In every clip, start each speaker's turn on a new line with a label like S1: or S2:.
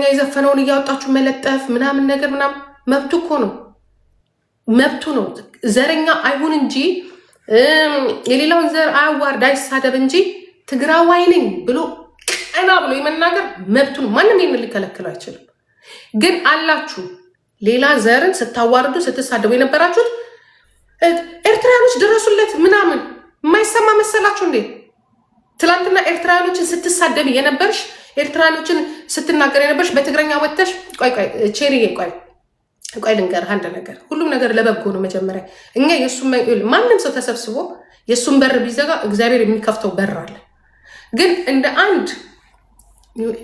S1: ዘፈኛ የዘፈነውን እያወጣችሁ መለጠፍ ምናምን ነገር ምናምን መብቱ እኮ ነው፣ መብቱ ነው። ዘረኛ አይሁን እንጂ የሌላውን ዘር አያዋርድ፣ አይሳደብ እንጂ ትግራዋይ ነኝ ብሎ ቀና ብሎ የመናገር መብቱ ነው። ማንም ይህን ሊከለክለው አይችልም። ግን አላችሁ ሌላ ዘርን ስታዋርዱ ስትሳደቡ የነበራችሁት ኤርትራያኖች ድረሱለት ምናምን የማይሰማ መሰላችሁ እንዴ? ትላንትና ኤርትራያኖችን ስትሳደብ የነበርሽ ኤርትራኖችን ስትናገር የነበረች በትግረኛ ወተሽ ቆይ ቆይ ቼሪዬ ቆይ ቆይ ልንገርህ አንድ ነገር። ሁሉም ነገር ለበጎ ነው። መጀመሪያ እኛ የሱ ማንም ሰው ተሰብስቦ የእሱን በር ቢዘጋ እግዚአብሔር የሚከፍተው በር አለ። ግን እንደ አንድ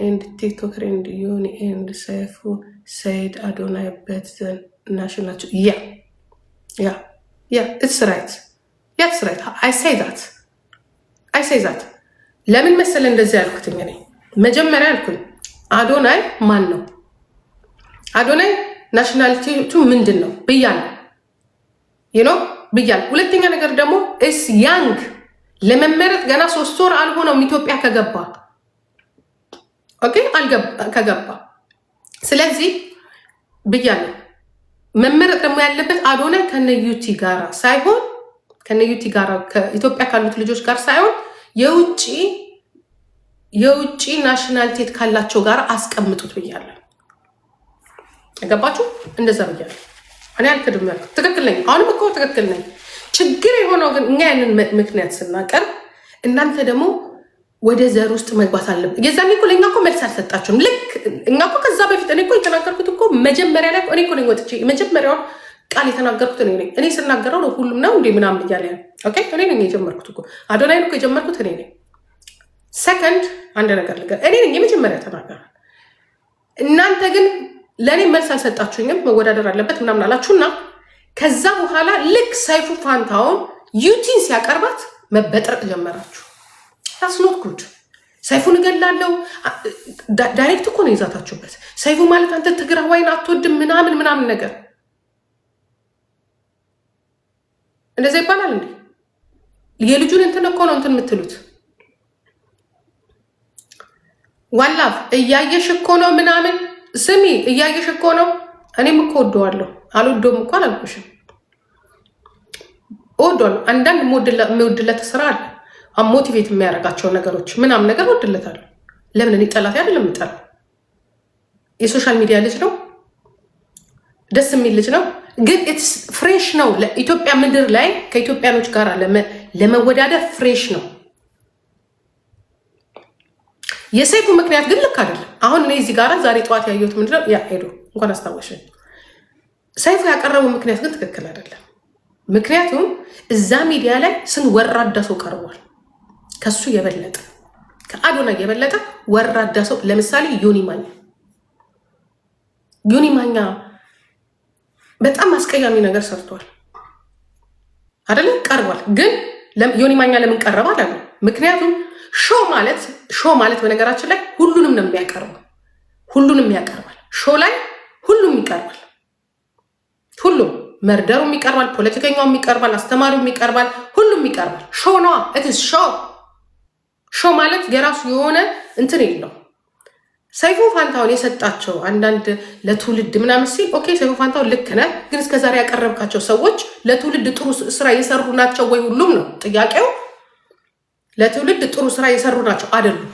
S1: ኤንድ ቲክቶክ ኤንድ ዩኒ ኤንድ ሰይፉ ሰይድ አዶናይ በት ናሽን ናቸው። ያ ያ ያ ኢትስ ራይት ያ ኢትስ ራይት አይ ሳይ ዛት አይ ሳይ ዛት። ለምን መሰለ እንደዚህ ያልኩትኝ እኔ መጀመሪያ አልኩኝ አዶናይ ማን ነው? አዶናይ ናሽናሊቲቱ ምንድን ነው ብያል ይኖ ብያል። ሁለተኛ ነገር ደግሞ እስ ያንግ ለመመረጥ ገና ሶስት ወር አልሆነውም ኢትዮጵያ ከገባ ኦኬ ከገባ ስለዚህ ብያለሁ። መመረጥ ደግሞ ያለበት አዶናይ ከነዩቲ ጋራ ሳይሆን ከነዩቲ ጋራ ከኢትዮጵያ ካሉት ልጆች ጋር ሳይሆን የውጭ የውጭ ናሽናልቲት ካላቸው ጋር አስቀምጡት ብያለሁ። ገባችሁ? እንደዛ ብያለሁ። እኔ አልክድም ያልኩት ትክክል ነኝ። አሁንም እኮ ትክክል ነኝ። ችግር የሆነው ግን እኛ ያንን ምክንያት ስናቀርብ እናንተ ደግሞ ወደ ዘር ውስጥ መግባት አለብን። የዛ እኮ ለእኛ እኮ መልስ አልሰጣችሁም። ልክ እኛ እኮ ከዛ በፊት እኔ እኮ የተናገርኩት እኮ መጀመሪያ ላይ እኔ እኮ ነኝ ወጥቼ መጀመሪያውን ቃል የተናገርኩት እኔ ነኝ። እኔ ስናገረው ነው ሁሉም ነው እንዴ ምናምን እያለ እኔ ነኝ የጀመርኩት እኮ አዶናይን እኮ የጀመርኩት እኔ ነኝ። ሰከንድ አንድ ነገር ልገር እኔ የመጀመሪያ ተናገራል። እናንተ ግን ለእኔ መልስ አልሰጣችሁኝም። መወዳደር አለበት ምናምን አላችሁና ከዛ በኋላ ልክ ሰይፉ ፋንታውን ዩቲን ሲያቀርባት መበጥረቅ ጀመራችሁ። ታስኖት ጉድ ሰይፉን እገላለሁ ዳይሬክት እኮ ነው ይዛታችሁበት። ሰይፉ ማለት አንተ ትግራዋይን አትወድም ምናምን ምናምን ነገር እንደዛ ይባላል እንዴ? የልጁን እንትን እኮ ነው እንትን የምትሉት ዋላፍ እያየሽ እኮ ነው ምናምን። ስሚ እያየሽ እኮ ነው። እኔም እኮ ወደዋለሁ። አልወደውም እኮ አላልኩሽም። ወደዋለሁ። አንዳንድ የምወድለት ስራ አለ። ሞቲቬት የሚያደርጋቸው ነገሮች ምናምን ነገር ወድለታለሁ። ለምን እኔ ጠላት አይደለም። ጠላ የሶሻል ሚዲያ ልጅ ነው። ደስ የሚል ልጅ ነው። ግን ፍሬሽ ነው። ለኢትዮጵያ ምድር ላይ ከኢትዮጵያኖች ጋር ለመወዳደር ፍሬሽ ነው። የሰይፉ ምክንያት ግን ልክ አይደለም። አሁን እኔ እዚህ ጋራ ዛሬ ጠዋት ያየሁት ምንድነው ሄዱ ሄዶ እንኳን አስታወሽ ሰይፉ ያቀረበው ምክንያት ግን ትክክል አይደለም። ምክንያቱም እዛ ሚዲያ ላይ ስን ወራዳ ሰው ቀርቧል። ከሱ የበለጠ ከአዶና የበለጠ ወራዳ ሰው ለምሳሌ ዮኒ ማኛ ዮኒ ማኛ በጣም አስቀያሚ ነገር ሰርቷል አይደለም ቀርቧል ግን ዮኒ ማኛ ለምን ቀረበ አላለ። ምክንያቱም ሾ ማለት ሾ ማለት በነገራችን ላይ ሁሉንም ነው የሚያቀርበው፣ ሁሉንም ያቀርባል። ሾ ላይ ሁሉም ይቀርባል። ሁሉም መርደሩም ይቀርባል፣ ፖለቲከኛውም ይቀርባል፣ አስተማሪውም ይቀርባል፣ ሁሉም ይቀርባል። ሾ ነዋ። ኢትስ ሾ ሾ ማለት የራሱ የሆነ እንትን የለው ሰይፉ ፋንታውን የሰጣቸው አንዳንድ ለትውልድ ምናምን ሲል ኦኬ፣ ሰይፉ ፋንታውን ልክ ነህ፣ ግን እስከዛሬ ያቀረብካቸው ሰዎች ለትውልድ ጥሩ ስራ የሰሩ ናቸው ወይ? ሁሉም ነው ጥያቄው። ለትውልድ ጥሩ ስራ የሰሩ ናቸው አይደሉም?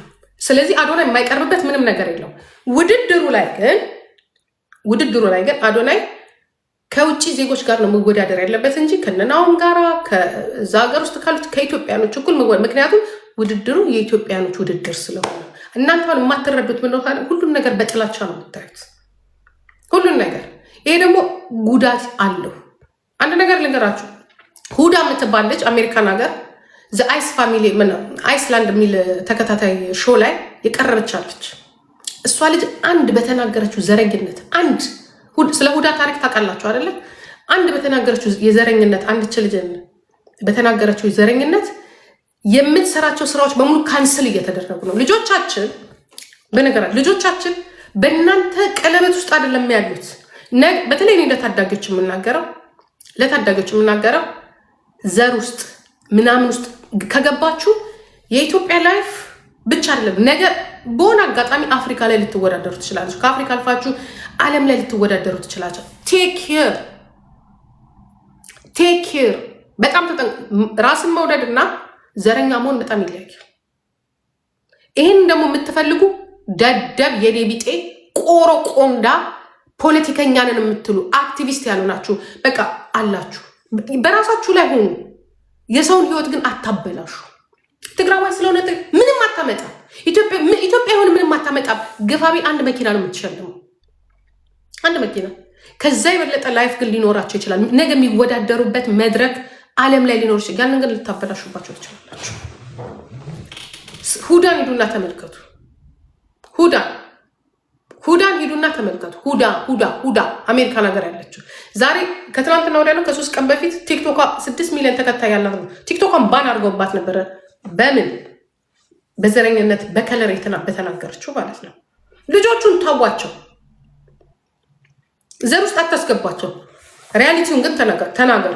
S1: ስለዚህ አዶናይ የማይቀርብበት ምንም ነገር የለው። ውድድሩ ላይ ግን ውድድሩ ላይ ግን አዶናይ ከውጭ ዜጎች ጋር ነው መወዳደር ያለበት እንጂ ከነናውም ጋራ ከዛ ሀገር ውስጥ ካሉት ከኢትዮጵያኖች እኩል ምክንያቱም ውድድሩ የኢትዮጵያኖች ውድድር ስለሆነ እናንተን የማትረዱት ምንታ ሁሉን ነገር በጥላቻ ነው የምታዩት፣ ሁሉን ነገር። ይሄ ደግሞ ጉዳት አለው። አንድ ነገር ልንገራችሁ። ሁዳ የምትባል ልጅ አሜሪካን ሀገር ዘአይስ ፋሚሊ አይስላንድ የሚል ተከታታይ ሾው ላይ የቀረበቻለች እሷ ልጅ አንድ በተናገረችው ዘረኝነት አንድ ስለ ሁዳ ታሪክ ታውቃላችሁ አይደለም? አንድ በተናገረችው የዘረኝነት አንድ ልጅ በተናገረችው የዘረኝነት የምትሰራቸው ስራዎች በሙሉ ካንስል እየተደረጉ ነው። ልጆቻችን በነገራት ልጆቻችን በእናንተ ቀለበት ውስጥ አይደለም ያሉት። በተለይ እኔ ለታዳጊዎች የምናገረው ለታዳጊዎች የምናገረው ዘር ውስጥ ምናምን ውስጥ ከገባችሁ የኢትዮጵያ ላይፍ ብቻ አይደለም ነገ በሆነ አጋጣሚ አፍሪካ ላይ ልትወዳደሩ ትችላለች። ከአፍሪካ አልፋችሁ ዓለም ላይ ልትወዳደሩ ትችላቸው። ቴክ ኬር ቴክ ኬር። በጣም ራስን መውደድ እና ዘረኛ መሆን በጣም ይለያል። ይህን ደግሞ የምትፈልጉ ደደብ የዴቢጤ ቆሮ ቆንዳ ፖለቲከኛንን የምትሉ አክቲቪስት ያሉ ናችሁ። በቃ አላችሁ፣ በራሳችሁ ላይ ሆኑ። የሰውን ህይወት ግን አታበላሹ። ትግራዋይ ስለሆነ ምንም አታመጣ። ኢትዮጵያ የሆነ ምንም አታመጣ ግፋቢ አንድ መኪና ነው የምትሸልመው፣ አንድ መኪና። ከዛ የበለጠ ላይፍ ግን ሊኖራቸው ይችላል። ነገ የሚወዳደሩበት መድረክ ዓለም ላይ ሊኖር ይችላል። ነገር ልታበላሹባቸው ትችላላችሁ። ሁዳን ሂዱና ተመልከቱ። ሁዳ ሁዳን ሂዱና ተመልከቱ። ሁዳ ሁዳ ሁዳ አሜሪካን ሀገር ያለችው ዛሬ ከትናንትና ወዲያ ነው፣ ከሶስት ቀን በፊት ቲክቶኳ ስድስት ሚሊዮን ተከታይ ያላት ነው። ቲክቶኳን ባን አድርጎባት ነበረ። በምን በዘረኝነት በከለር በተናገረችው ማለት ነው። ልጆቹን ታዋቸው፣ ዘር ውስጥ አታስገባቸው። ሪያሊቲውን ግን ተናገሩ።